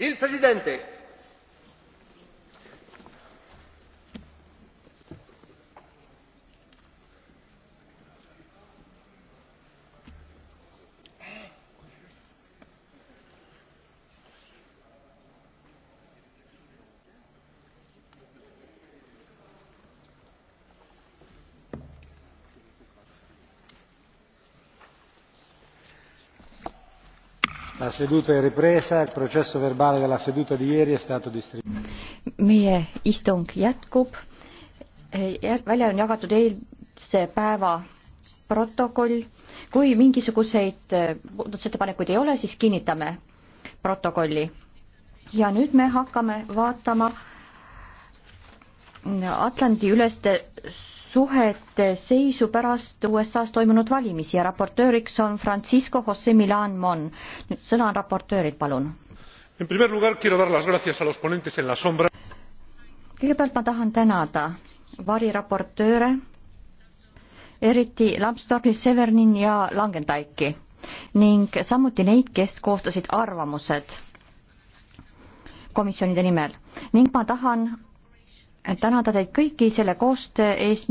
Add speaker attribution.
Speaker 1: Il Presidente
Speaker 2: La seduta è ripresa, il processo verbale della seduta di ieri è stato distribuito.
Speaker 3: meie istung jätkub, eh, välja on jagatud eilse päeva protokoll, kui mingisuguseid eh, muudatusettepanekuid ei ole, siis kinnitame
Speaker 4: protokolli.
Speaker 3: ja nüüd me hakkame vaatama Atlandi üleste suhete seisu pärast USA-s toimunud valimisi ja raportööriks on Francisco Jose Milan Mon. nüüd sõna on raportööril, palun. kõigepealt ma tahan tänada variraportööre, eriti Lambsdorfi, Severnin ja Langendaiki ning samuti neid, kes koostasid arvamused komisjonide nimel ning ma tahan tänada teid kõiki selle koostöö eest,